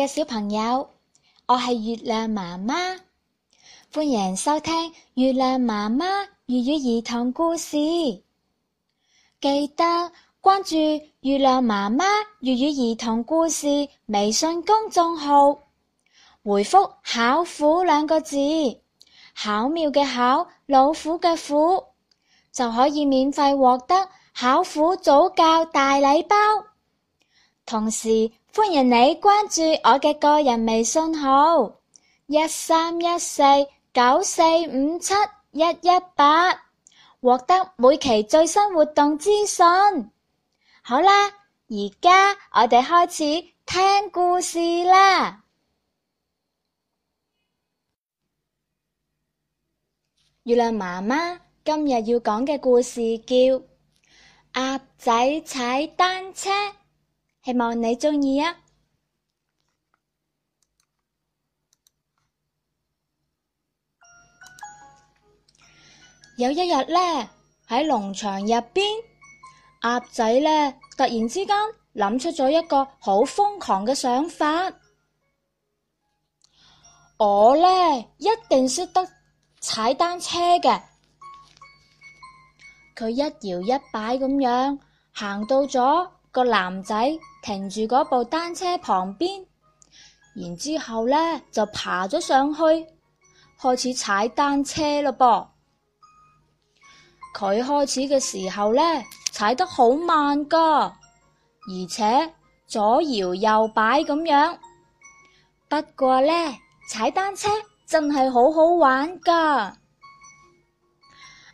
嘅小朋友，我係月亮媽媽，歡迎收聽月亮媽媽粵語兒童故事。記得關注月亮媽媽粵語兒童故事微信公眾號，回復“巧虎”兩個字，巧妙嘅巧，老虎嘅虎，就可以免費獲得巧虎早教大禮包。同時歡迎你關注我嘅個人微信號一三一四九四五七一一八，獲得每期最新活動資訊。好啦，而家我哋開始聽故事啦。月亮媽媽今日要講嘅故事叫鴨仔踩單車。希望你中意啊！有一日呢，喺農場入邊，鴨仔呢突然之間諗出咗一個好瘋狂嘅想法。我呢一定識得踩單車嘅。佢一搖一擺咁樣行到咗個男仔停住嗰部單車旁邊，然之後咧就爬咗上去，開始踩單車咯噃。佢開始嘅時候呢，踩得好慢噶，而且左搖右擺咁樣。不過呢，踩單車真係好好玩噶。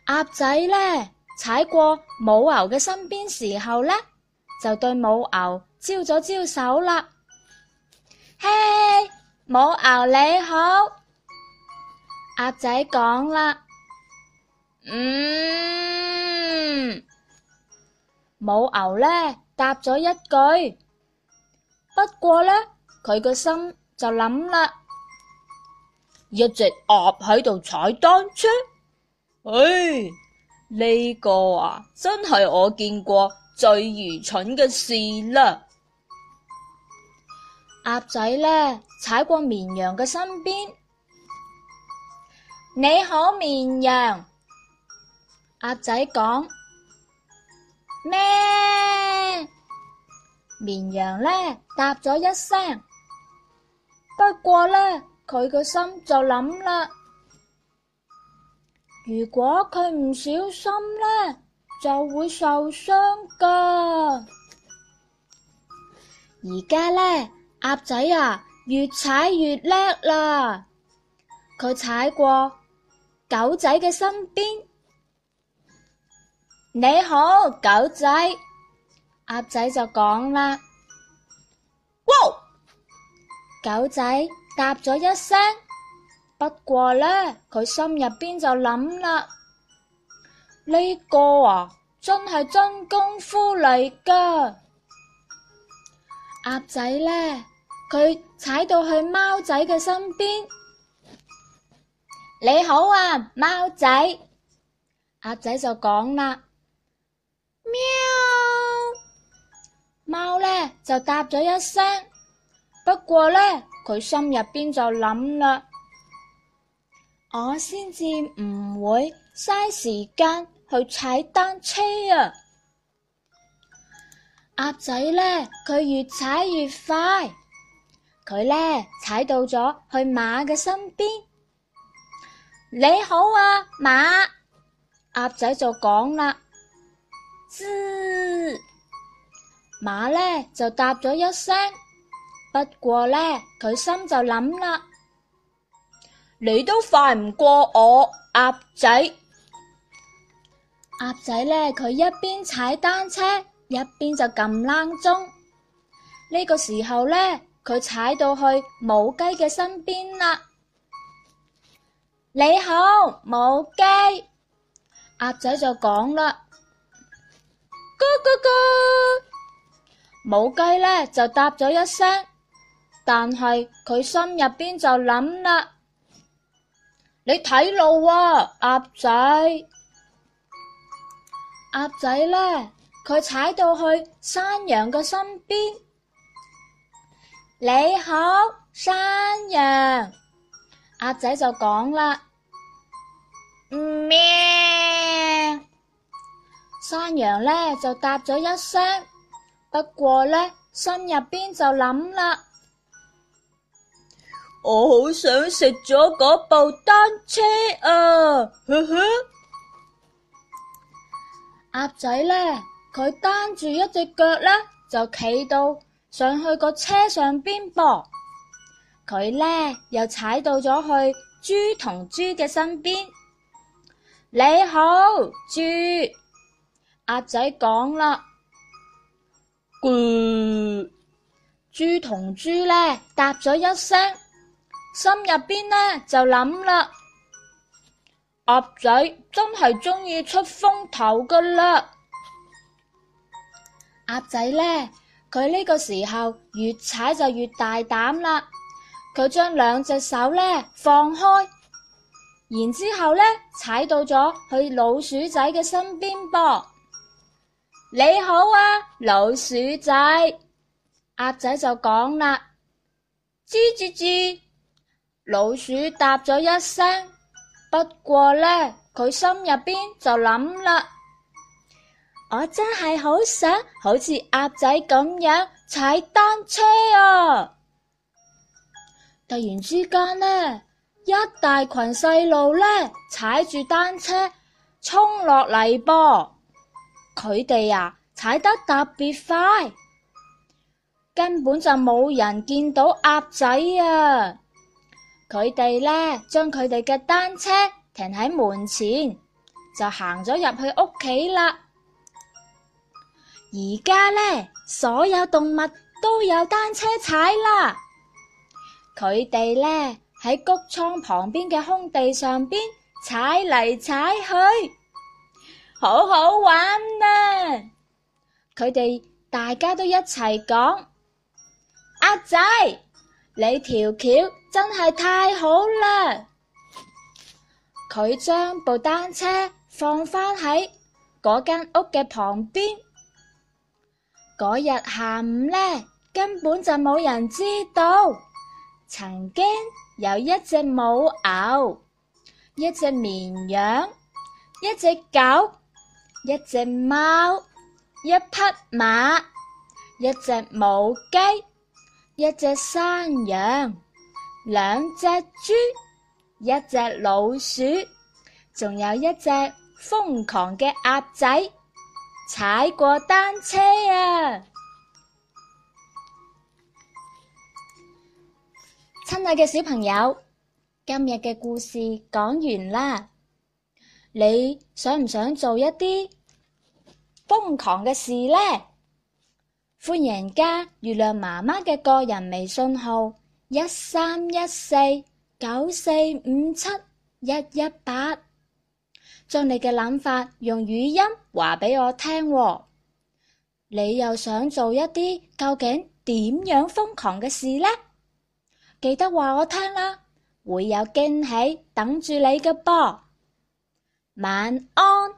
鴨仔呢，踩過母牛嘅身邊時候呢，就對母牛。招咗招手啦，嘿，母牛你好，鴨仔講啦，嗯，母牛呢答咗一句，不過呢，佢個心就諗啦，一隻鴨喺度踩單車，唉，呢個啊真係我見過最愚蠢嘅事啦。鴨仔呢踩過綿羊嘅身邊，你好，綿羊，鴨仔講咩？綿羊呢答咗一聲，不過呢，佢個心就諗啦，如果佢唔小心呢，就會受傷噶。而家呢。」鴨仔啊，越踩越叻啦！佢踩過狗仔嘅身邊， 你好，狗仔，鴨仔就講啦。哇！狗仔答咗一聲，不過呢，佢心入邊就諗啦，呢 個啊，真係真功夫嚟噶。鴨仔呢，佢踩到去貓仔嘅身邊。你好啊，貓仔。鴨仔就講啦：喵。貓呢就答咗一聲。不過呢，佢心入邊就諗啦，我先至唔會嘥時間去踩單車啊。鴨仔呢，佢越踩越快，佢呢，踩到咗去馬嘅身邊。你好啊，馬！鴨仔就講啦，嘶！馬呢就答咗一聲，不過呢，佢心就諗啦，你都快唔過我，鴨仔。鴨仔呢，佢一邊踩單車。一邊就撳冷鐘，呢個時候呢，佢踩到去母雞嘅身邊啦。你好，母雞，鴨仔就講啦，咕咕咕，母雞呢，就答咗一聲，但係佢心入邊就諗啦，你睇路啊，鴨仔，鴨仔呢。佢踩到去山羊嘅身邊，你好，山羊，鴨仔就講啦，咩喵？山羊呢就答咗一聲，不過呢，心入邊就諗啦，我好想食咗嗰部單車啊！呵呵，鴨仔呢？佢單住一隻腳呢，就企到上去個車上邊噃。佢呢，又踩到咗去豬同豬嘅身邊。你好，豬。鴨仔講啦，嗚豬豬同豬呢，答咗一聲，心入邊呢就諗啦，鴨仔真係中意出風頭噶啦。鴨仔呢，佢呢個時候越踩就越大膽啦。佢將兩隻手呢放開，然之後呢踩到咗去老鼠仔嘅身邊噃。你好啊，老鼠仔，鴨仔就講啦：吱吱吱。老鼠答咗一聲，不過呢，佢心入邊就諗啦。我真係好想好似鴨仔咁樣踩單車啊！突然之間呢，一大群細路呢踩住單車衝落嚟噃。佢哋啊踩得特別快，根本就冇人見到鴨仔啊。佢哋呢，將佢哋嘅單車停喺門前，就行咗入去屋企啦。而家呢，所有動物都有單車踩啦。佢哋呢，喺谷倉旁邊嘅空地上邊踩嚟踩去，好好玩啊！佢哋大家都一齊講：阿仔，你條橋真係太好啦！佢將部單車放返喺嗰間屋嘅旁邊。嗰日下午呢，根本就冇人知道。曾經有一隻母牛，一隻綿羊，一隻狗，一隻貓，一匹馬，一隻母雞，一隻山羊，兩隻豬，一隻老鼠，仲有一隻瘋狂嘅鴨仔。踩過單車啊！親愛嘅小朋友，今日嘅故事講完啦。你想唔想做一啲瘋狂嘅事呢？歡迎加月亮媽媽嘅個人微信號：一三一四九四五七一一八。將你嘅諗法用語音話俾我聽喎，你又想做一啲究竟點樣瘋狂嘅事呢？記得話我聽啦，會有驚喜等住你㗎噃。晚安。